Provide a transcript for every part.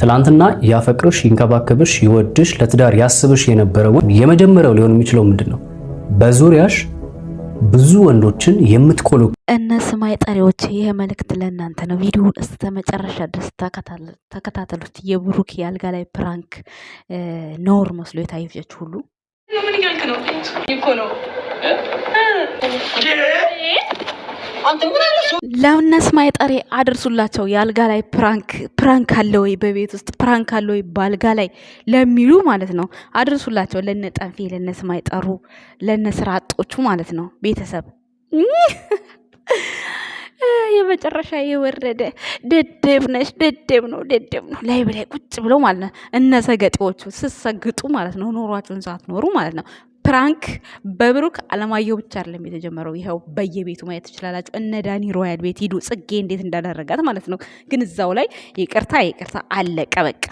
ትላንትና ያፈቅርሽ፣ ይንከባከብሽ፣ ይወድሽ፣ ለትዳር ያስብሽ የነበረውን የመጀመሪያው ሊሆን የሚችለው ምንድን ነው? በዙሪያሽ ብዙ ወንዶችን የምትቆሉ እነ ስማይ ጠሪዎች፣ ይህ መልእክት ለእናንተ ነው። ቪዲዮውን እስከ መጨረሻ ድረስ ተከታተሉት። የብሩክ የአልጋ ላይ ፕራንክ ነውር መስሎ የታየቻችሁ ሁሉ ምን እያልክ ነው? ለእነስማይ ጠሬ አድርሱላቸው። የአልጋ ላይ ፕራንክ ፕራንክ አለ ወይ በቤት ውስጥ ፕራንክ አለ ወይ በአልጋ ላይ ለሚሉ ማለት ነው አድርሱላቸው። ለነ ጠንፌ፣ ለእነስማይ ጠሩ፣ ለነ ስራ አጦቹ ማለት ነው ቤተሰብ የመጨረሻ የወረደ ደደብ ነሽ። ደደብ ነው፣ ደደብ ነው። ላይ ብላይ ቁጭ ብሎ ማለት ነው እነሰገጤዎቹ ስሰግጡ ማለት ነው ኖሯችሁን ሳትኖሩ ማለት ነው። ፕራንክ በብሩክ አለማየሁ ብቻ አይደለም የተጀመረው። ይኸው በየቤቱ ማየት ትችላላችሁ። እነ ዳኒ ሮያል ቤት ሂዱ፣ ጽጌ እንዴት እንዳደረጋት ማለት ነው። ግን እዛው ላይ ይቅርታ ይቅርታ አለቀ በቃ።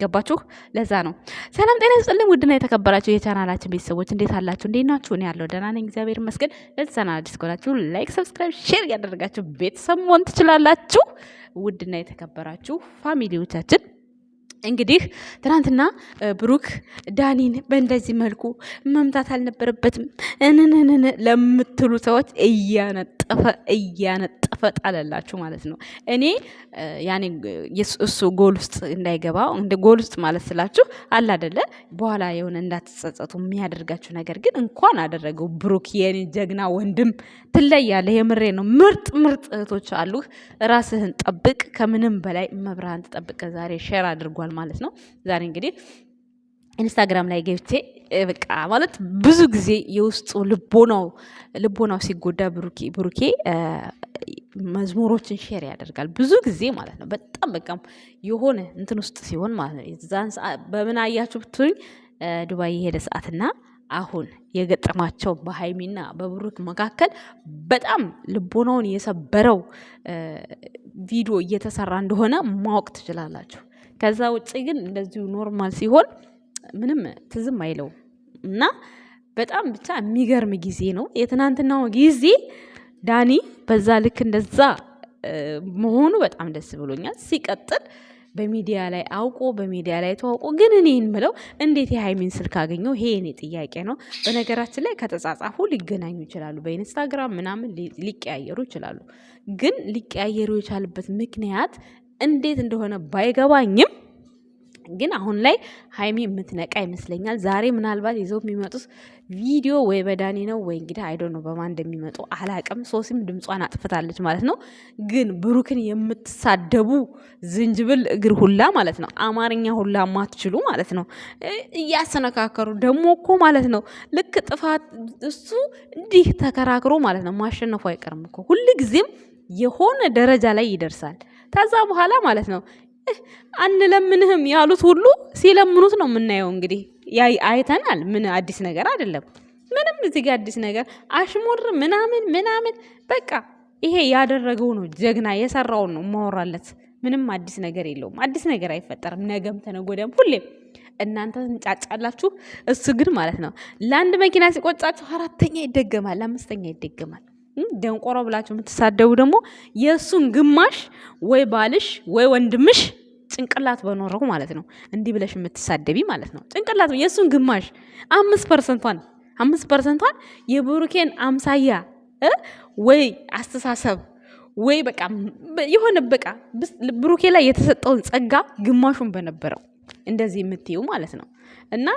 ገባችሁ? ለዛ ነው። ሰላም ጤና ይስጥልኝ ውድና የተከበራችሁ የቻናላችን ቤተሰቦች እንዴት አላችሁ? እንዴት ናችሁ? እኔ ያለው ደህና ነኝ፣ እግዚአብሔር ይመስገን። ለዚህ ቻናል አዲስ ከሆናችሁ ላይክ፣ ሰብስክራይብ፣ ሼር እያደረጋችሁ ቤተሰብ መሆን ትችላላችሁ። ውድና የተከበራችሁ ፋሚሊዎቻችን እንግዲህ ትናንትና ብሩክ ዳኒን በእንደዚህ መልኩ መምታት አልነበረበትም እንንንን ለምትሉ ሰዎች እያነ እያነጠፈ እያነጠፈ ጣለላችሁ ማለት ነው። እኔ ያኔ እሱ ጎል ውስጥ እንዳይገባው እንደ ጎል ውስጥ ማለት ስላችሁ አለ አደለ፣ በኋላ የሆነ እንዳትጸጸቱ የሚያደርጋችሁ ነገር ግን እንኳን አደረገው ብሩክ፣ የኔ ጀግና ወንድም ትለያለህ። የምሬ ነው። ምርጥ ምርጥ እህቶች አሉ ራስህን ጠብቅ። ከምንም በላይ መብርሃን ትጠብቅ። ዛሬ ሼር አድርጓል ማለት ነው። ዛሬ እንግዲህ ኢንስታግራም ላይ ገብቼ በቃ ማለት ብዙ ጊዜ የውስጡ ልቦናው ልቦናው ሲጎዳ ብሩኬ መዝሙሮችን ሼር ያደርጋል ብዙ ጊዜ ማለት ነው። በጣም በቃ የሆነ እንትን ውስጥ ሲሆን ማለት ነው። ዛን በምን አያችሁ ብትሉኝ ዱባይ የሄደ ሰዓትና አሁን የገጠማቸው በሀይሚና በብሩክ መካከል በጣም ልቦናውን የሰበረው ቪዲዮ እየተሰራ እንደሆነ ማወቅ ትችላላችሁ። ከዛ ውጭ ግን እንደዚሁ ኖርማል ሲሆን ምንም ትዝም አይለው እና በጣም ብቻ የሚገርም ጊዜ ነው የትናንትናው ጊዜ። ዳኒ በዛ ልክ እንደዛ መሆኑ በጣም ደስ ብሎኛል። ሲቀጥል በሚዲያ ላይ አውቆ በሚዲያ ላይ ተዋውቆ ግን እኔን ምለው እንዴት የሀይሚን ስልክ አገኘው? ይሄ እኔ ጥያቄ ነው። በነገራችን ላይ ከተጻጻፉ ሊገናኙ ይችላሉ፣ በኢንስታግራም ምናምን ሊቀያየሩ ይችላሉ። ግን ሊቀያየሩ የቻልበት ምክንያት እንዴት እንደሆነ ባይገባኝም ግን አሁን ላይ ሀይሚ የምትነቃ ይመስለኛል። ዛሬ ምናልባት ይዘው የሚመጡት ቪዲዮ ወይ በዳኒ ነው ወይ እንግዲህ አይዶ ነው በማን እንደሚመጡ አላቅም። ሶሲም ድምጿን አጥፍታለች ማለት ነው። ግን ብሩክን የምትሳደቡ ዝንጅብል እግር ሁላ ማለት ነው፣ አማርኛ ሁላ ማትችሉ ማለት ነው። እያሰነካከሩ ደግሞ እኮ ማለት ነው ልክ ጥፋት እሱ እንዲህ ተከራክሮ ማለት ነው ማሸነፉ አይቀርም እኮ ጊዜም የሆነ ደረጃ ላይ ይደርሳል። ከዛ በኋላ ማለት ነው አንለምንህም ያሉት ሁሉ ሲለምኑት ነው የምናየው። እንግዲህ አይተናል። ምን አዲስ ነገር አይደለም። ምንም እዚህ ጋር አዲስ ነገር አሽሙር ምናምን ምናምን በቃ ይሄ ያደረገው ነው ጀግና የሰራውን ነው ማወራለት። ምንም አዲስ ነገር የለውም። አዲስ ነገር አይፈጠርም። ነገም ተነጎዳም ሁሌም እናንተ እንጫጫላችሁ፣ እሱ ግን ማለት ነው ለአንድ መኪና ሲቆጫችሁ አራተኛ ይደገማል፣ አምስተኛ ይደገማል። ደንቆሮ ብላችሁ የምትሳደቡ ደግሞ የእሱን ግማሽ ወይ ባልሽ ወይ ወንድምሽ ጭንቅላት በኖረው ማለት ነው። እንዲህ ብለሽ የምትሳደቢ ማለት ነው። ጭንቅላት የእሱን ግማሽ አምስት ፐርሰንቷን አምስት ፐርሰንቷን የብሩኬን አምሳያ ወይ አስተሳሰብ ወይ በቃ የሆነ በቃ ብሩኬ ላይ የተሰጠውን ጸጋ ግማሹን በነበረው እንደዚህ የምትዩ ማለት ነው እና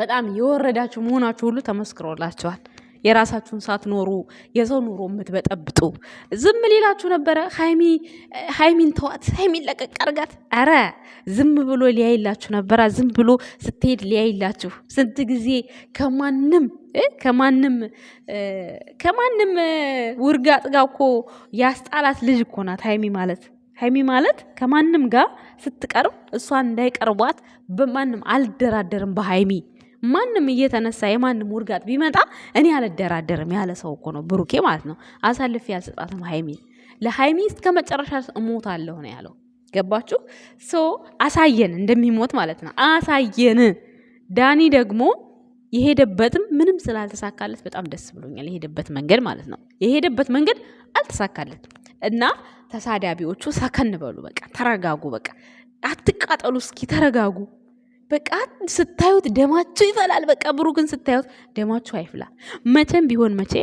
በጣም የወረዳችሁ መሆናችሁ ሁሉ ተመስክሮላችኋል። የራሳችሁን ሳትኖሩ የሰው ኑሮ የምትበጠብጡ ዝም ሊላችሁ ነበረ። ሀይሚን ተዋት፣ ሀይሚን ለቀቅ አርጋት። አረ ዝም ብሎ ሊያይላችሁ ነበረ። ዝም ብሎ ስትሄድ ሊያይላችሁ ስንት ጊዜ ከማንም ከማንም ከማንም ውርጋ ጥጋ እኮ ያስጣላት ልጅ እኮ ናት ሀይሚ ማለት ሀይሚ ማለት ከማንም ጋር ስትቀርብ እሷን እንዳይቀርቧት በማንም አልደራደርም በሀይሚ ማንም እየተነሳ የማንም ውርጋጥ ቢመጣ እኔ አልደራደርም ያለ ሰው እኮ ነው ብሩኬ ማለት ነው። አሳልፌ ያልሰጣትም ሃይሚን ለሀይሚ እስከ መጨረሻ እሞታለሁ ነው ያለው። ገባችሁ? ሶ አሳየን እንደሚሞት ማለት ነው። አሳየን። ዳኒ ደግሞ የሄደበትም ምንም ስላልተሳካለት በጣም ደስ ብሎኛል። የሄደበት መንገድ ማለት ነው። የሄደበት መንገድ አልተሳካለትም እና ተሳዳቢዎቹ ሰከን በሉ፣ በቃ ተረጋጉ፣ በቃ አትቃጠሉ፣ እስኪ ተረጋጉ። በቃ ስታዩት ደማችሁ ይፈላል። በቃ ብሩክን ስታዩት ደማችሁ አይፍላ። መቼም ቢሆን መቼ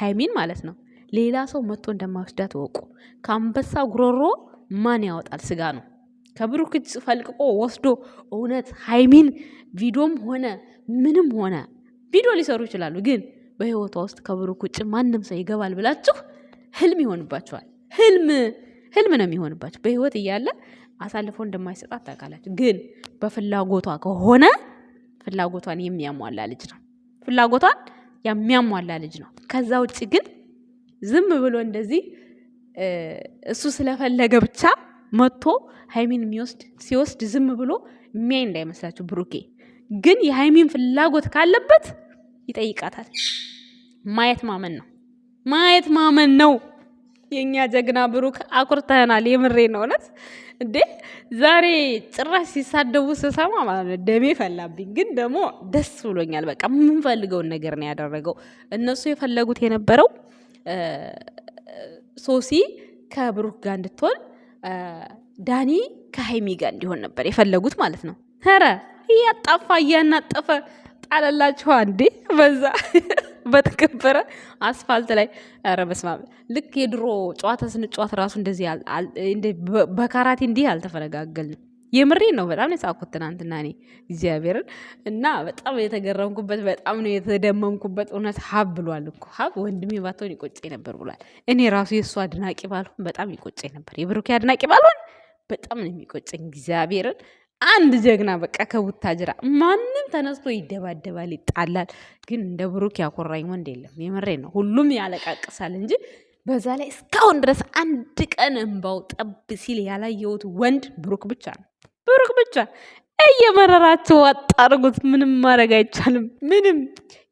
ሀይሚን ማለት ነው ሌላ ሰው መጥቶ እንደማይወስዳት ወቁ። ከአንበሳ ጉሮሮ ማን ያወጣል ስጋ ነው። ከብሩክ እጅ ፈልቅቆ ወስዶ እውነት ሀይሚን ቪዲዮም ሆነ ምንም ሆነ ቪዲዮ ሊሰሩ ይችላሉ፣ ግን በህይወቷ ውስጥ ከብሩክ ውጭ ማንም ሰው ይገባል ብላችሁ ህልም ይሆንባችኋል። ህልም ህልም ነው የሚሆንባችሁ በህይወት እያለ አሳልፎ እንደማይሰጣት ታውቃላችሁ። ግን በፍላጎቷ ከሆነ ፍላጎቷን የሚያሟላ ልጅ ነው። ፍላጎቷን የሚያሟላ ልጅ ነው። ከዛ ውጭ ግን ዝም ብሎ እንደዚህ እሱ ስለፈለገ ብቻ መጥቶ ሀይሚን የሚወስድ ሲወስድ ዝም ብሎ የሚያይ እንዳይመስላችሁ። ብሩኬ ግን የሀይሚን ፍላጎት ካለበት ይጠይቃታል። ማየት ማመን ነው። ማየት ማመን ነው። የእኛ ጀግና ብሩክ አኩርተህናል። የምሬ ነው እውነት እንዴ! ዛሬ ጭራሽ ሲሳደቡ ስሰማ ማለት ነው ደሜ ፈላብኝ። ግን ደግሞ ደስ ብሎኛል። በቃ የምንፈልገውን ነገር ነው ያደረገው። እነሱ የፈለጉት የነበረው ሶሲ ከብሩክ ጋር እንድትሆን ዳኒ ከሀይሚ ጋር እንዲሆን ነበር የፈለጉት ማለት ነው። ኧረ እያጣፋ እያናጠፈ ጣለላችኋ እንዴ በዛ በተከበረ አስፋልት ላይ ኧረ በስመ አብ ልክ የድሮ ጨዋታ ስንጫወት ራሱ እንደዚህ በካራቴ እንዲህ አልተፈነጋገልንም። የምሬ ነው። በጣም የሳኩት ትናንትና እኔ እግዚአብሔርን እና በጣም የተገረምኩበት በጣም ነው የተደመምኩበት። እውነት ሀብ ብሏል እኮ ሀብ ወንድሜ ባትሆን ይቆጨኝ ነበር ብሏል። እኔ ራሱ የእሱ አድናቂ ባልሆን በጣም ይቆጨኝ ነበር። የብሩኬ አድናቂ ባልሆን በጣም ነው የሚቆጨኝ እግዚአብሔርን አንድ ጀግና በቃ ከቡታጅራ ማንም ተነስቶ ይደባደባል፣ ይጣላል። ግን እንደ ብሩክ ያኮራኝ ወንድ የለም። የምሬ ነው። ሁሉም ያለቃቅሳል እንጂ በዛ ላይ እስካሁን ድረስ አንድ ቀን እንባው ጠብ ሲል ያላየሁት ወንድ ብሩክ ብቻ ነው። ብሩክ ብቻ እየመረራቸው አጣርጉት። ምንም ማድረግ አይቻልም። ምንም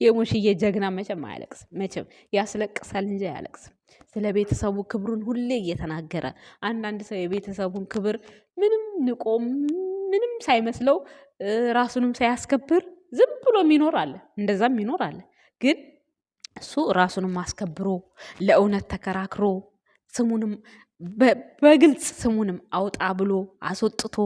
የሙሽዬ ጀግና መቼም አያለቅስም። መቼም ያስለቅሳል እንጂ አያለቅስም። ስለ ቤተሰቡ ክብሩን ሁሌ እየተናገረ አንዳንድ ሰው የቤተሰቡን ክብር ምንም ንቆም ምንም ሳይመስለው ራሱንም ሳያስከብር ዝም ብሎ የሚኖር አለ፣ እንደዛም የሚኖር አለ። ግን እሱ ራሱንም አስከብሮ ለእውነት ተከራክሮ ስሙንም በግልጽ ስሙንም አውጣ ብሎ አስወጥቶ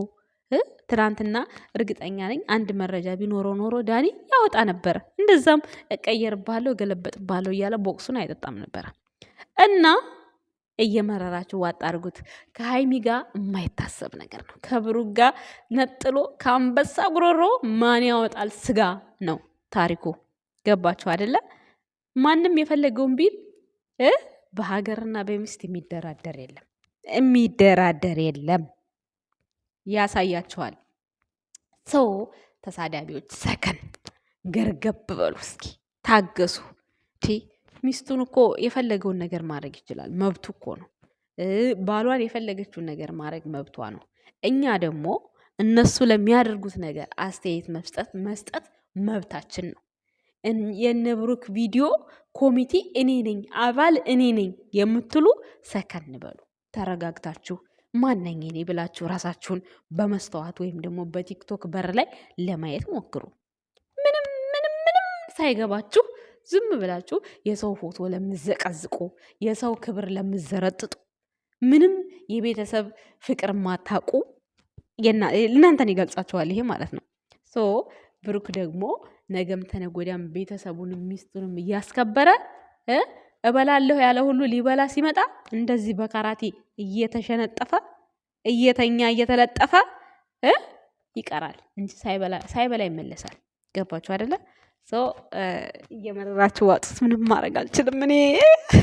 ትናንትና እርግጠኛ ነኝ አንድ መረጃ ቢኖረው ኖሮ ዳኒ ያወጣ ነበረ። እንደዛም እቀየርባለሁ፣ እገለበጥባለሁ እያለ ቦክሱን አይጠጣም ነበረ እና እየመረራችሁ ዋጥ አድርጉት። ከሀይሚ ጋር የማይታሰብ ነገር ነው። ከብሩ ጋር ነጥሎ ከአንበሳ ጉሮሮ ማን ያወጣል ስጋ ነው ታሪኩ። ገባችሁ አይደለ? ማንም የፈለገውን ቢል በሀገርና በሚስት የሚደራደር የለም፣ የሚደራደር የለም። ያሳያችኋል። ሰው ተሳዳቢዎች ሰከን ገርገብ በሉ እስኪ ታገሱ። ሚስቱን እኮ የፈለገውን ነገር ማድረግ ይችላል፣ መብቱ እኮ ነው። ባሏን የፈለገችውን ነገር ማድረግ መብቷ ነው። እኛ ደግሞ እነሱ ለሚያደርጉት ነገር አስተያየት መስጠት መስጠት መብታችን ነው። የነብሩክ ቪዲዮ ኮሚቴ እኔ ነኝ አባል እኔ ነኝ የምትሉ ሰከን በሉ፣ ተረጋግታችሁ ማነኝ እኔ ብላችሁ ራሳችሁን በመስተዋት ወይም ደግሞ በቲክቶክ በር ላይ ለማየት ሞክሩ። ምንም ምንም ምንም ሳይገባችሁ ዝም ብላችሁ የሰው ፎቶ ለምዘቀዝቁ፣ የሰው ክብር ለምዘረጥጡ፣ ምንም የቤተሰብ ፍቅር ማታቁ እናንተን ይገልጻችኋል ይሄ ማለት ነው። ሶ ብሩክ ደግሞ ነገም ተነጎዳም ቤተሰቡንም ሚስቱንም እያስከበረ እበላለሁ ያለ ሁሉ ሊበላ ሲመጣ እንደዚህ በካራቴ እየተሸነጠፈ እየተኛ እየተለጠፈ ይቀራል እንጂ ሳይበላ ይመለሳል። ገባችሁ አይደለ? እየመረራችሁ ዋጡት። ምንም ማድረግ አልችልም። እኔ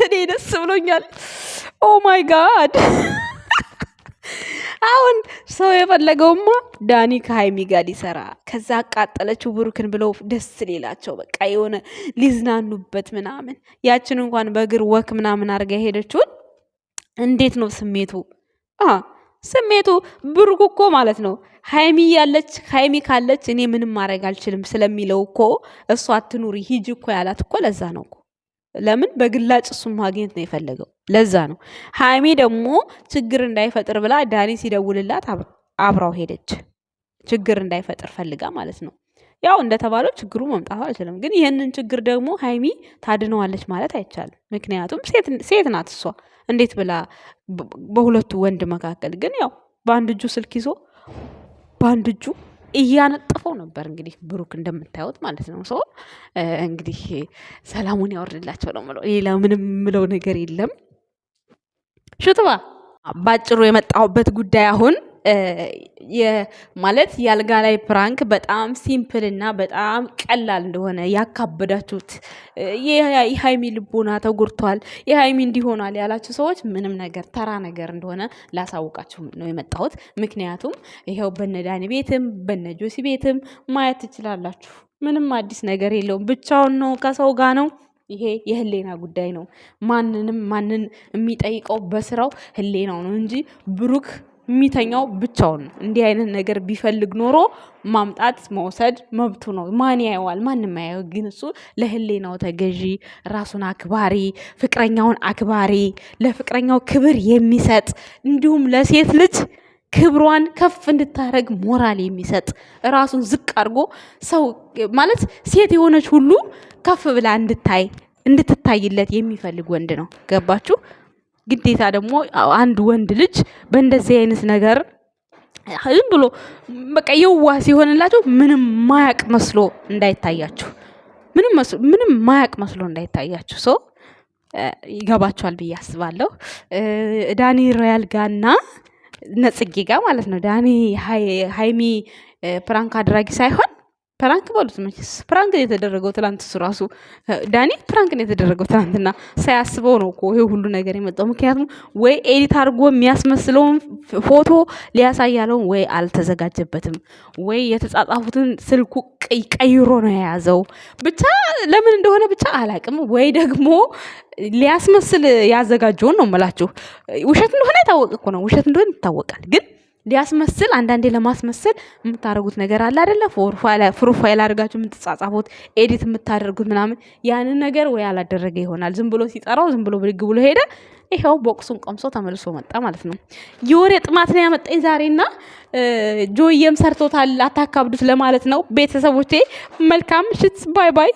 እኔ ደስ ብሎኛል። ኦ ማይ ጋድ አሁን ሰው የፈለገውማ ዳኒ ከሀይሚ ጋር ሊሰራ ከዛ አቃጠለችው ብሩክን ብለው ደስ ሌላቸው በቃ የሆነ ሊዝናኑበት ምናምን ያችን እንኳን በእግር ወክ ምናምን አድርጋ የሄደችውን እንዴት ነው ስሜቱ? ስሜቱ ብሩክ እኮ ማለት ነው ሀይሚ ያለች ሀይሚ ካለች እኔ ምንም ማድረግ አልችልም ስለሚለው እኮ እሷ አትኑሪ ሂጂ እኮ ያላት እኮ ለዛ ነው ለምን በግላጭ እሱም ማግኘት ነው የፈለገው ለዛ ነው ሀይሚ ደግሞ ችግር እንዳይፈጥር ብላ ዳኒ ሲደውልላት አብራው ሄደች ችግር እንዳይፈጥር ፈልጋ ማለት ነው ያው እንደተባለው ችግሩ መምጣቱ አልችልም ግን ይህንን ችግር ደግሞ ሀይሚ ታድነዋለች ማለት አይቻልም ምክንያቱም ሴት ናት እሷ እንዴት ብላ በሁለቱ ወንድ መካከል ግን ያው በአንድ እጁ ስልክ ይዞ በአንድ እጁ እያነጠፈው ነበር። እንግዲህ ብሩክ እንደምታዩት ማለት ነው። ሰው እንግዲህ ሰላሙን ያወርድላቸው ነው ምለው። ሌላ ምንም ምለው ነገር የለም። ሽትባ ባጭሩ የመጣሁበት ጉዳይ አሁን ማለት የአልጋ ላይ ፕራንክ በጣም ሲምፕል እና በጣም ቀላል እንደሆነ ያካበዳችሁት የሀይሚ ልቦና ተጎድቷል፣ የሀይሚ እንዲሆናል ያላችሁ ሰዎች ምንም ነገር ተራ ነገር እንደሆነ ላሳውቃችሁ ነው የመጣሁት። ምክንያቱም ይኸው በነዳኒ ቤትም በነጆሲ ቤትም ማየት ትችላላችሁ። ምንም አዲስ ነገር የለውም። ብቻውን ነው፣ ከሰው ጋር ነው። ይሄ የህሌና ጉዳይ ነው። ማንንም ማንን የሚጠይቀው በስራው ህሌናው ነው እንጂ ብሩክ የሚተኛው ብቻውን ነው። እንዲህ አይነት ነገር ቢፈልግ ኖሮ ማምጣት መውሰድ መብቱ ነው። ማን ያየዋል? ማንም ያየው። ግን እሱ ለህሌናው ተገዢ፣ ራሱን አክባሪ፣ ፍቅረኛውን አክባሪ፣ ለፍቅረኛው ክብር የሚሰጥ እንዲሁም ለሴት ልጅ ክብሯን ከፍ እንድታደረግ ሞራል የሚሰጥ ራሱን ዝቅ አድርጎ ሰው ማለት ሴት የሆነች ሁሉ ከፍ ብላ እንድታይ እንድትታይለት የሚፈልግ ወንድ ነው። ገባችሁ? ግዴታ ደግሞ አንድ ወንድ ልጅ በእንደዚህ አይነት ነገር ዝም ብሎ በቃ የዋ ምንም ማያቅ መስሎ እንዳይታያችሁ ምንም ማያቅ መስሎ እንዳይታያችሁ ሰው ይገባቸዋል ብዬ አስባለሁ። ዳኒ ሮያል ጋና ነጽጌ ጋ ማለት ነው። ዳኒ ሀይሚ ፕራንክ አድራጊ ሳይሆን ፕራንክ በሉት መቼስ ፕራንክ የተደረገው ትላንት እሱ ራሱ ዳኒ ፕራንክ የተደረገው ትላንትና ሳያስበው ነው እኮ ይሄ ሁሉ ነገር የመጣው። ምክንያቱም ወይ ኤዲት አድርጎ የሚያስመስለውን ፎቶ ሊያሳይ ወይ አልተዘጋጀበትም፣ ወይ የተጻጻፉትን ስልኩ ቀይሮ ነው የያዘው። ብቻ ለምን እንደሆነ ብቻ አላቅም። ወይ ደግሞ ሊያስመስል ያዘጋጀውን ነው የምላችሁ። ውሸት እንደሆነ የታወቀ እኮ ነው፣ ውሸት እንደሆነ ይታወቃል ግን ሊያስመስል አንዳንዴ ለማስመስል የምታደርጉት ነገር አለ አይደለ? ፕሮፋይል አድርጋችሁ የምትጻጻፉት ኤዲት የምታደርጉት ምናምን ያንን ነገር ወይ አላደረገ ይሆናል። ዝም ብሎ ሲጠራው ዝም ብሎ ብድግ ብሎ ሄደ። ይኸው ቦቅሱን ቀምሶ ተመልሶ መጣ ማለት ነው። የወሬ ጥማት ነው ያመጣኝ ዛሬና ጆየም ሰርቶታል። አታካብዱት ለማለት ነው። ቤተሰቦቼ መልካም ሽት ባይ ባይ።